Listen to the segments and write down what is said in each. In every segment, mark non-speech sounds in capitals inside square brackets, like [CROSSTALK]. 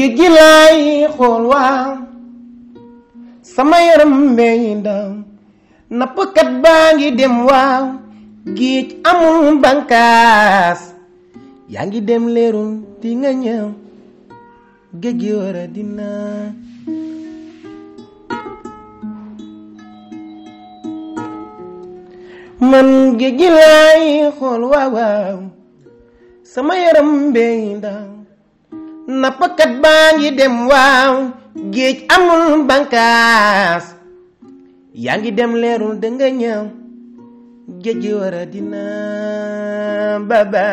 Gigilai xool waaw sama yaram mbey ndaw nappkat bangi ngi dem waaw géej amul bankaas yaa dem nga dina man géej gi laay sama yaram mbey Napakat bangi dem waaw géej amul bangkas, yaa ngi dem leerul da nga ñëw géej war dina baba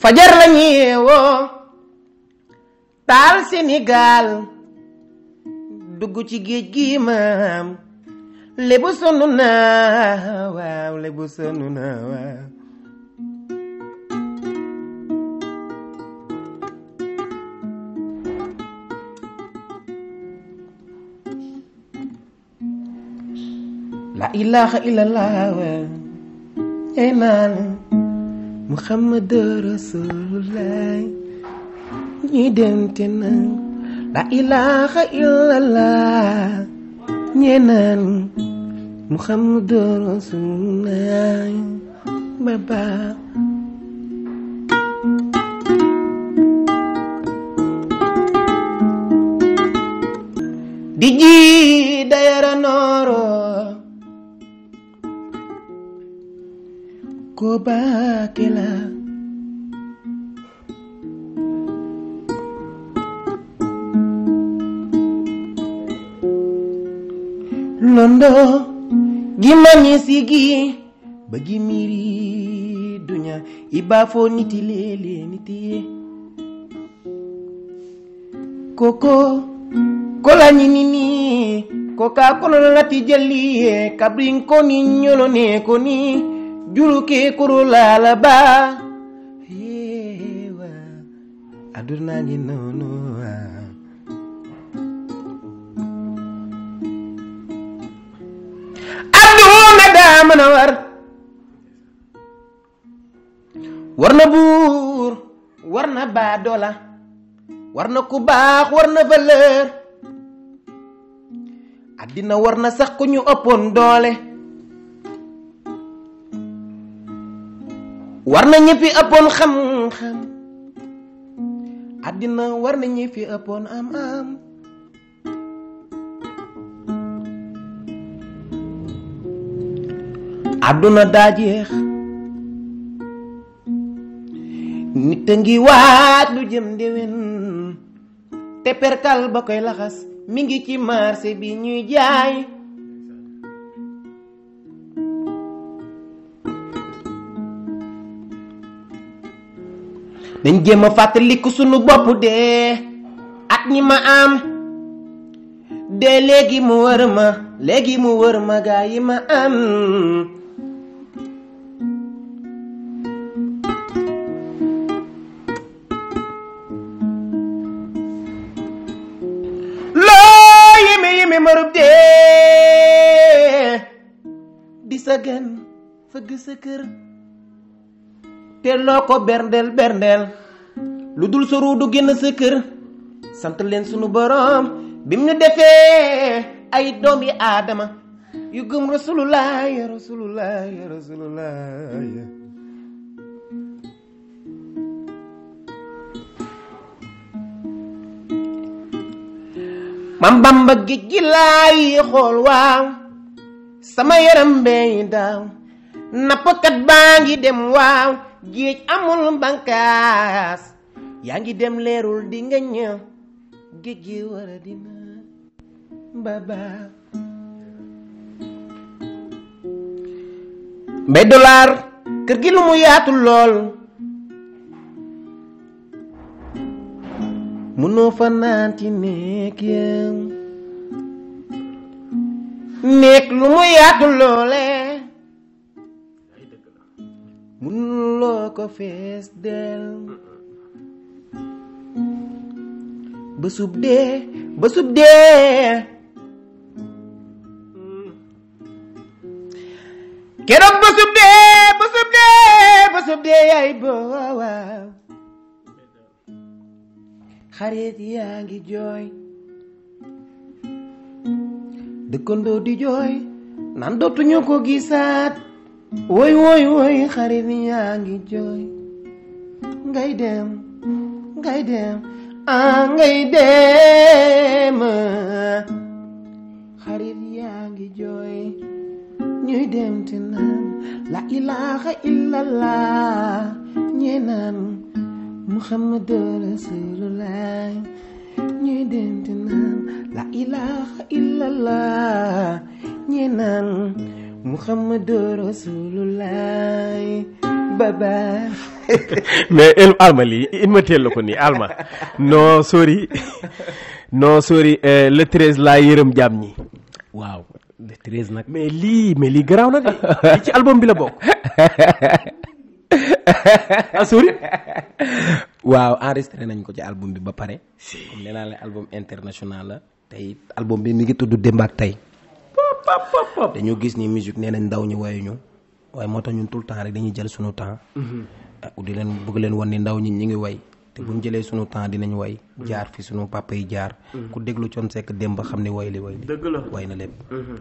fajar la ñeewoo taal Sénégal dugg ci géej gi maam lebu sonu na waaw sonu la ilaha illallah ey naan muhammad rasulullah ñi dente naan la ilaha illallah ñi naan muhammad rasulullah baba di ji kila Londo gimanyi sigi bagimiri dunya ibafo nitilele nitie koko kola ni koka kolololati jeli kabrin koni nyolone koni Juluki kuru lalaba ba hewa adur nangi nono aduna da mana warna bur warna badola warna kubah warna valeur adina warna sakunyu opon dole. Warnanya na ñi xam-xam adina warna na ñi am-am aduna daa jeex nit lu jëm dewen, te perkal bakoy laxas mi ngi ci marché bi ñuy jaay dañ jéem a fàttaliku sunu bopp dee at ñi ma am dee léegi mu wër ma léegi mu wër ma gaa yi ma am loo yimi yimi marub dee di sa gën fëgg sa kër delloo loko berndel berndel ludul suru du genn sa kër sant len sunu borom bim ñu defee ay doomi adama yu gëm rasulullah ya rasulullah ya rasulullah ya. mam bam ba gi lay xol wa sama yaram bee daaw nappkat baa dem waaw geej amul bankas yaa dem leerul di nga ñëw géej dina baba bedolar dollar keur gi lu mu yaatu lol munoo fa nek yam nek lu mu yaatu lolé e un loco festel besub deh besub deh kerob besub deh besub deh besub deh ya ibu harit yang joy dekondo di joy Nando tunyoko gisat Ôi ôi ôi Kharibiangi joy Ngay đêm Ngay đêm À ngay đêm à. Kharibiangi joy Như đêm trên nam La ilaha illallah Như nam Muhammadur Rasulullah Như đêm trên nam La ilaha illallah Như nam Muhammadu Rasulullah baba [LAUGHS] mais el alma lii il teel la ko nii alma non sori non sori euh, le treize laa yërëm jaam ñi waaw le nag mais lii mais lii garaaw na de ci album bi la bokk [LAUGHS] ah sori waaw enregistré nañ ko ci album bi ba pare comme nee naa la album international la tey album bi mi ngi tudd démb tey dañoo gis ni musique nee nañ ndaw ñi wayuñu waaye moo tax ñun tout le temps rek dañuy jël suñu temps. Mm-hmm. Ah di leen bëgg leen wan ni ndaw ñi ñi ngi way. te bu ñu mm-hmm. jëlee sunu temps dinañ way. Mm-hmm. jaar fi sunu papa yi jaar. ku déglu Thione Seck démb xam ne way li way li. dëgg la way na lépp.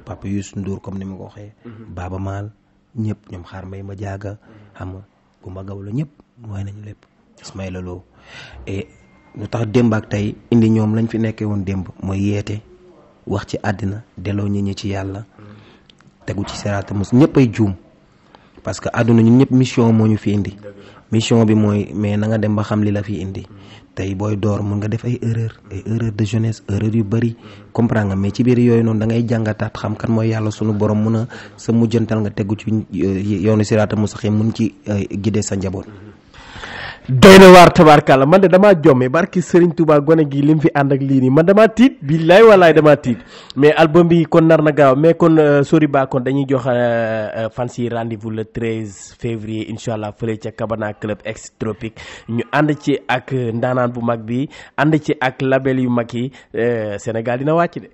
papa Youssou Ndour comme ni ma ko waxee. Baaba Maal ñëpp ñoom xaar mbay ma jaaga. xam bu ma gaw la way nañu lépp. Ismaïla Lo et lu tax démb ak tey indi ñoom lañ fi nekkee woon démb mooy yeete. wax ci àddina delloo nit ñi ci yàlla tegu ci seraata mos ñëpp ay juum parce que àdduna ñu ñëpp mission moo ñu fi indi mission bi mooy mais nanga dem ba xam li la fi indi tey booy door mun nga def ay erreur ay erreur de jeunesse erreur yu bëri comprendre nga mais ci biir yooyu noonu da ngay jàngataat xam kan mooy yàlla sunu borom mun a sa mujjantal nga tegu ci euh, yoonu siraata musaxi mun ci euh, gidee sa njaboot doy na waar tabaarkàlla man de damaa jomme barki Serigne Touba gone gi lim fi ànd ak lii nii man damaa tiit billaay walaay damaa tiit mais album bi kon nar na gaaw mais kon euh, sori ba kon dañuy jox euh, euh, fans yi rendez-vous le 13 février incha allah fële ca kabana club extropique ñu ànd ci ak ndaanaan bu mag bi ànd ci ak label yu mag yi Sénégal dina wàcc de.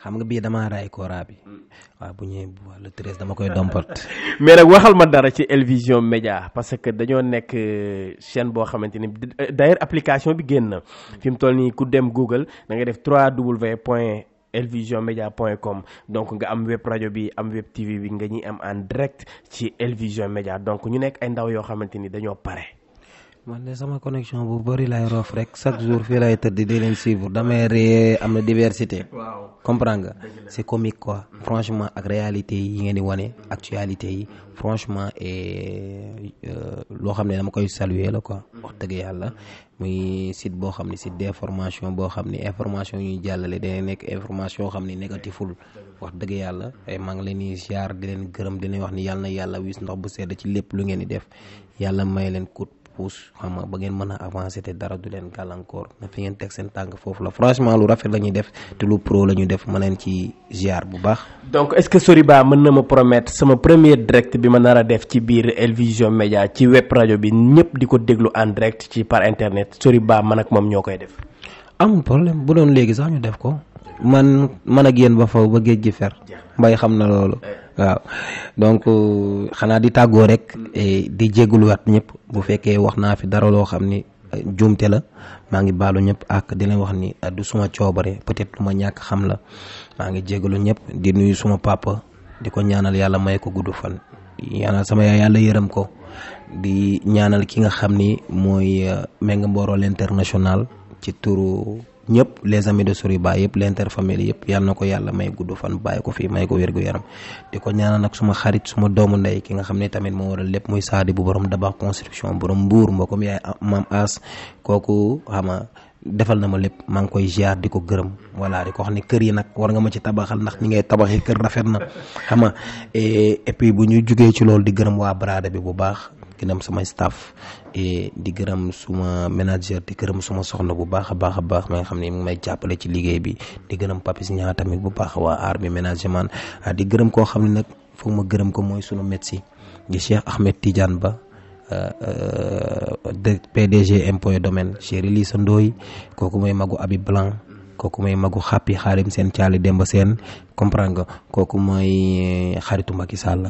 xam nga bii damaa raay kooraa bi hmm. waaw bu ñëwee bu le treize dama koy domporte [LAUGHS] mais nag waxal ma dara ci Elvision Média parce que dañoo nekk euh, chaîne boo xamante ni d' euh, d'ailleurs application bi génn na fi mu toll nii ku dem Google da nga def 3W point Elvision Média point com donc nga am web rajo bi am web TV bi nga ñuy am en direct ci Elvision Média donc ñu nekk ay ndaw yoo xamante ni dañoo pare. man de sama connexion bu bari lay roof rek chaque jour fii lay tëdd di leen suivre damay ree am na diversité. waaw comprendre nga c'est comique quoi. Mm. franchement ak réalité yi ngeen di wane mm. actualité yi franchement euh, loo xam ne dama koy saluer la quoi. Mm. wax dëgg yàlla muy site boo xam ne site d'information boo xam ne information ñuy jàllale day nekk information yoo xam ne négatiful wax dëgg yàlla maa ngi leen di ziar di leen gërëm di leen wax ni yàlla na yàlla wis ndox bu sedd ci lépp lu ngeen di def yàlla may leen kut kous xama ba ngeen mën a avancer te dara du leen gàllankoor na fi ngeen teg seen tànk foofu la franchement lu rafet la ñuy def te lu pro la def ma leen ci ziar bu baax donc est ce que soriba mën na promettre sama premier direct bi ma nar a def ci biir elvision media ci web radio bi ñëpp di ko déglu en direct ci par internet soriba man ak moom ñoo koy def am problème bu doon léegi sax ñu def ko man man ak yéen ba faw ba géej fer mbay xam na eh waaw donc xanaa di tàggoo rek mm. eh, di jégaluwaat ñëpp bu fekkee wax naa fi dara loo xam ni eh, juumte la maa ngi baalu ñëpp ak di leen wax ni eh, du suma coobare peut-être lu ma ñàkk xam la maa ngi jégalu ñëpp di nuyu suma papa di ko ñaanal yàlla may ko gudd fan ñaanal sama yaay yàlla yërëm ko di ñaanal ki nga xam ni mooy Mbengue Mboro l'international ci turu ñëpp les amis de ba yëpp l'interfamille yep yàlla na ko yàlla may guddou fan bàyyi ko fii may ko wergu yaram diko ñaan nak suma xarit suma doomu ndey ki nga xam tamit mo waral lepp muy saadi bu borom dabax construction borom mbuur mbokum yaay mam as koku xama defal na ma lepp mang koy ziar di ko wala diko di ko kër yi nak war nga ma ci tabaxal nak ni ngay tabaxé kër rafet na xama et puis bu ñu juggé ci lool di gërëm wa brada bi bu baax gërëm sama staff et di gërëm suma manager di gërëm suma soxna bu baaxa baaxa baax a baax ma nga xam mu may jappalé ci liggéey bi di gërëm papis ñaa tamit bu baax wa aar management di gërëm ko xamni nak nag ma gërëm ko moy suñu médecin di Cheikh Ahmed Tidiane Ba euh, euh, PDG impôt domaine cheikh Lissa sandoy koku mooy magu Habib Blanc koku mooy magu xapi xarim sen tiali demba sen comprendre nga kooku xaritou euh, xaritu Macky Sall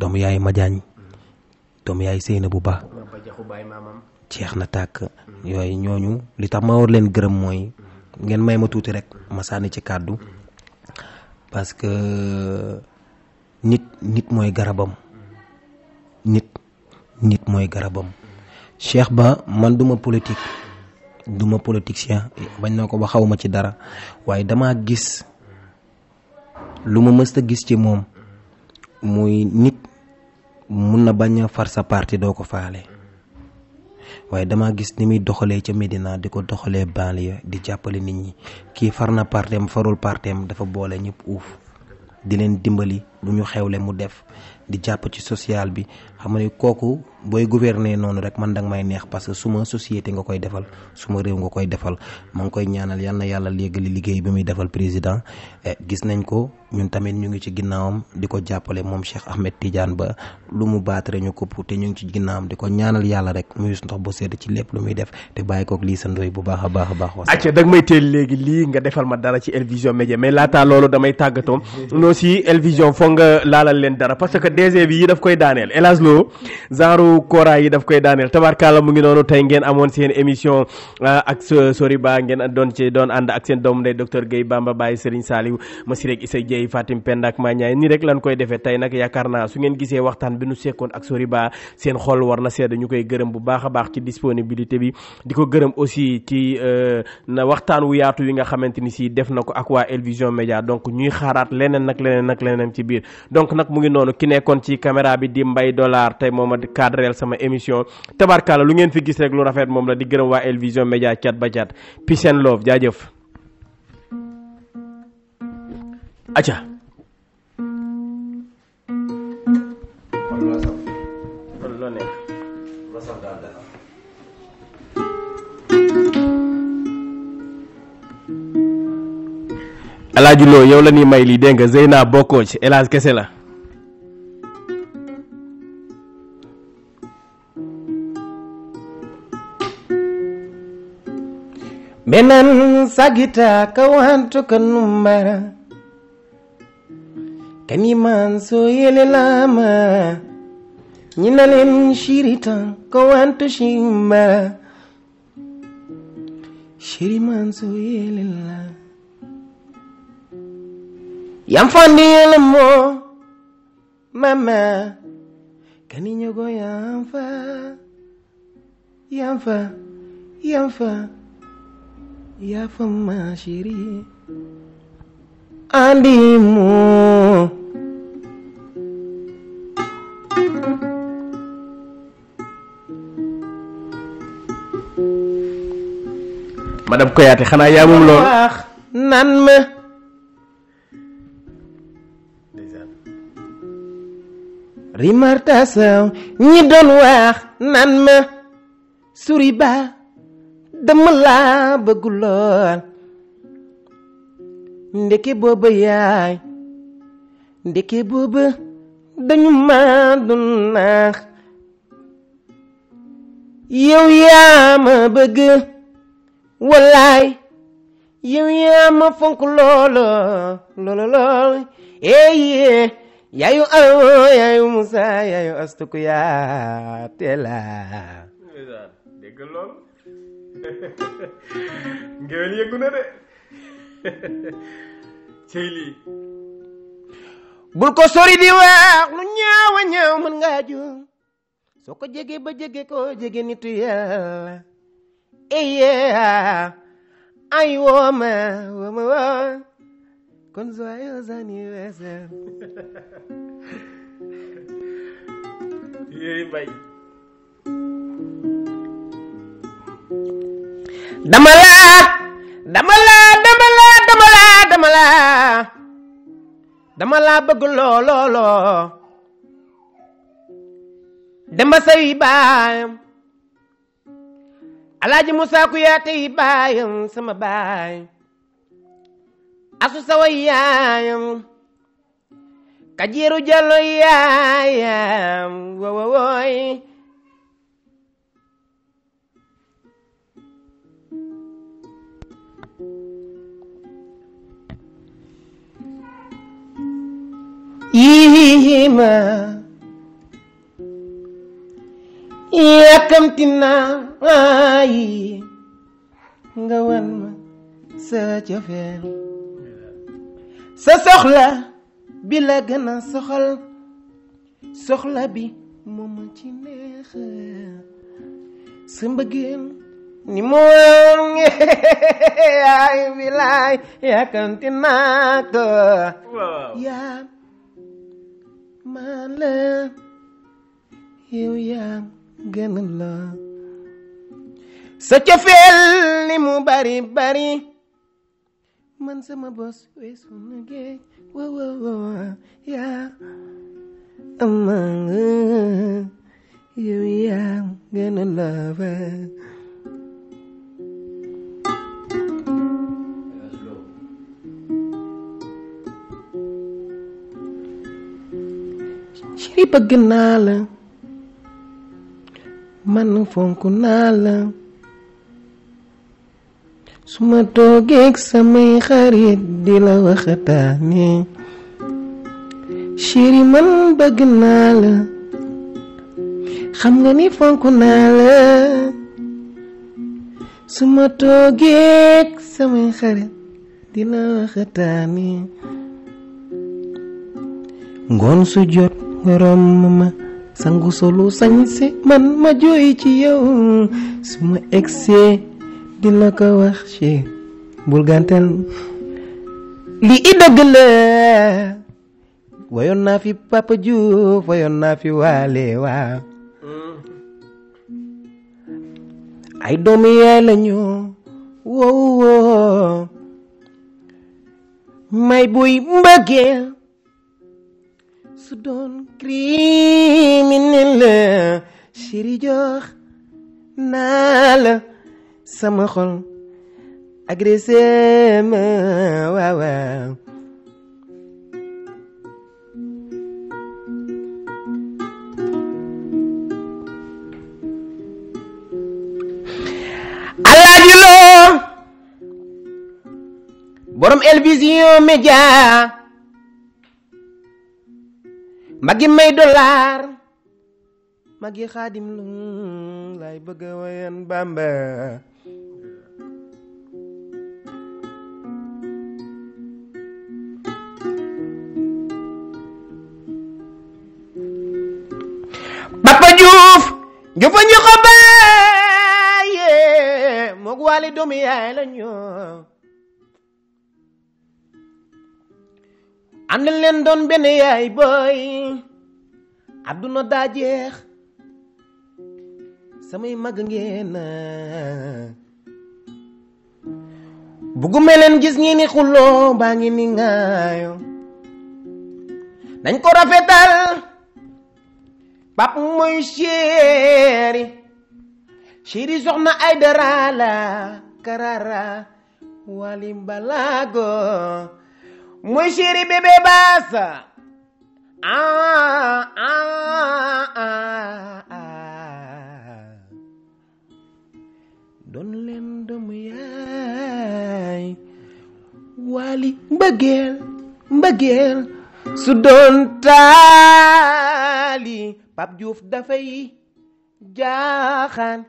doomu yaay ma jaañ doomu yaay seyna bu ba cheikh na tak yoy ñooñu li tax ma war leen gërëm moy ngeen mayma tuuti rek ma ci parce que nit nit moy garabam nit nit moy garabam cheikh ba man duma politique duma politicien bañ nako ba xawma ci dara waye dama gis luma gis ci mom muy nit mun na bañ far sa parti doo ko faale waaye dama gis ni muy doxalee ca Médina di ko doxalee banlieue di jàppale nit ñi kii far na partem farul partem dafa boole ñëpp uuf di leen dimbali lu ñu xewle mu def di jàpp ci social bi xam ne kooku booy gouverner noonu rek man danga may neex parce que ma société nga koy defal ma réew nga koy defal ma ngi koy ñaanal yal na yàlla léegali liggéey bi muy defal président eh, gis nañ ko ñun tamit ñu ngi ci ginnaawam di ko jàppale moom Cheikh Ahmed Tidiane ba lu mu baatare ñu kopp te ñu ngi ci ginnaawam di ko ñaanal yàlla rek muy ndox bu sedd ci lépp lu muy def te bàyyi kook lii sa ndoy bu baax a baax a baax acca danga may teel léegi lii nga defal ma dara ci El Vision Médias mais laata loolu damay tàggatoo [LAUGHS] nga laalal leen dara parce que DG bi yi daf koy daaneel Elas Lo genre kora yi daf koy daaneel tabarkala mu ngi noonu tey ngeen amoon seen émission ah, ak sori ba ngeen doon ci doon ànd ak seen dom ndey docteur Gueye Bamba Baye Serigne Saliou Masirek Issa Fatim pendak ak Mañaay ni rek lan koy defee tey nag yaakaar naa su ngeen gisee waxtaan bi nu sekkoon ak sori ba seen xol war na sedd ñu koy gërëm bu baax a baax ci disponibilité bi di ko gërëm aussi ci euh, na waxtaan wu yaatu yi nga xamante ni si def na ko ak waa Elvision Media donc ñuy xaaraat leneen nag leneen nag leneen ci biir donc nag mu ngi noonu ki nekkoon ci caméra bi di mbay dollar tey moom a cadreel sama émission tabarkaala lu ngeen fi gis rek lu rafet moom la di gërëm waa El Vision Média cat ba cat peace and jaa jaajëf aca Alaaji Lo yow la ni may li dégg Zeyna bokkoo ci El kese la. menan sagita kawanto kanumbara kanimanso yelelama nyinalen shirita kawanto shimbara shirimanso yelela Yang fandil mo Mama kani go yang fa Yang fa Yang fa Ya fa masyiri Andimu Madam Koyate xanaa yaa moom loolu naan ma remartation ñi doon wax naan ma suri ba dama laa bëgg lool ndeke booba yaay ndeke booba dañu ma doon naax yow yaa ma bëgg wallaay yow yaa ma fonk lool lool lool Ya Ayo Ya yu musa ya yu astuku ya tela iya, dégg lool [LAUGHS] ngewel na de ya [LAUGHS] cëy bul ko sori di wax lu ñaaw ñaaw mën ngaa juum ko jege ba jege ko jege nitu ya. iya, ay ma wo ma con joyeux anniversaire. yooyu mbay. dama laa dama laa dama laa dama laa dama laa dama laa bëgg loolooloo dama say baayam alaaji Musaa Kuyaate yi baayam sama baay. asu sawa yaayam kajiru jalo yaayam wo wo yàkkamti naa yi nga wan ma sa sa soxla bi la gën soxla bi moom ci neex sa mbëggeel ni mu [LAUGHS] ay bilaay yàkkanti naa yaa maa la yaa gën la sa cofeel li mu bari bari Man say my boss ways on again. Whoa, whoa, whoa, yeah. Among um, uh, here we gonna love her. Shiri pag ginala, manong fong su ma sama yang karet di lawa waxataane Shiriman man bëgg naa la xam sama yang karet di lawa waxataane ngoon su jot nga romb ma sangu solu man ma jooy ci yow Dila bul Bulganten Li ido gele Wayon nafi papa ju Wayon nafi wa mm. Ay domi wo wo wow My boy mbagel Sudon criminal Siri jox naa sama xol agressé ma wa wa alaaji borom elvision media, magi may dollar magi khadim lu lay bëgg wayan bamba jubbanji ko baaye moog wali doomi yaay la ñoo àndal leen doon benn yaay boy àdduna daa jeex samay mag ngeen bugguma leen gis ngeen ni xuloo baa ngi ni ko rafetal pap mooy chéri chéri soxna ay dara la karara wali balago mooy chéri bébé baasa ah, ah ah ah doon leen doomu yaay wali mbëggeel mbëggeel su doon taali Pape da dafay jaaxaan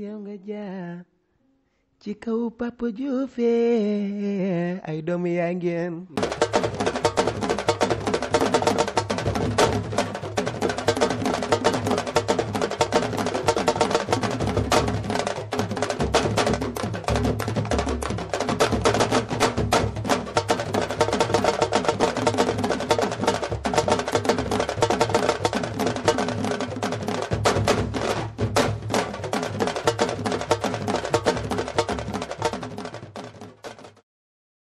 yow nga jaar ci kaw pap Diouf ay doomu yaa ngeen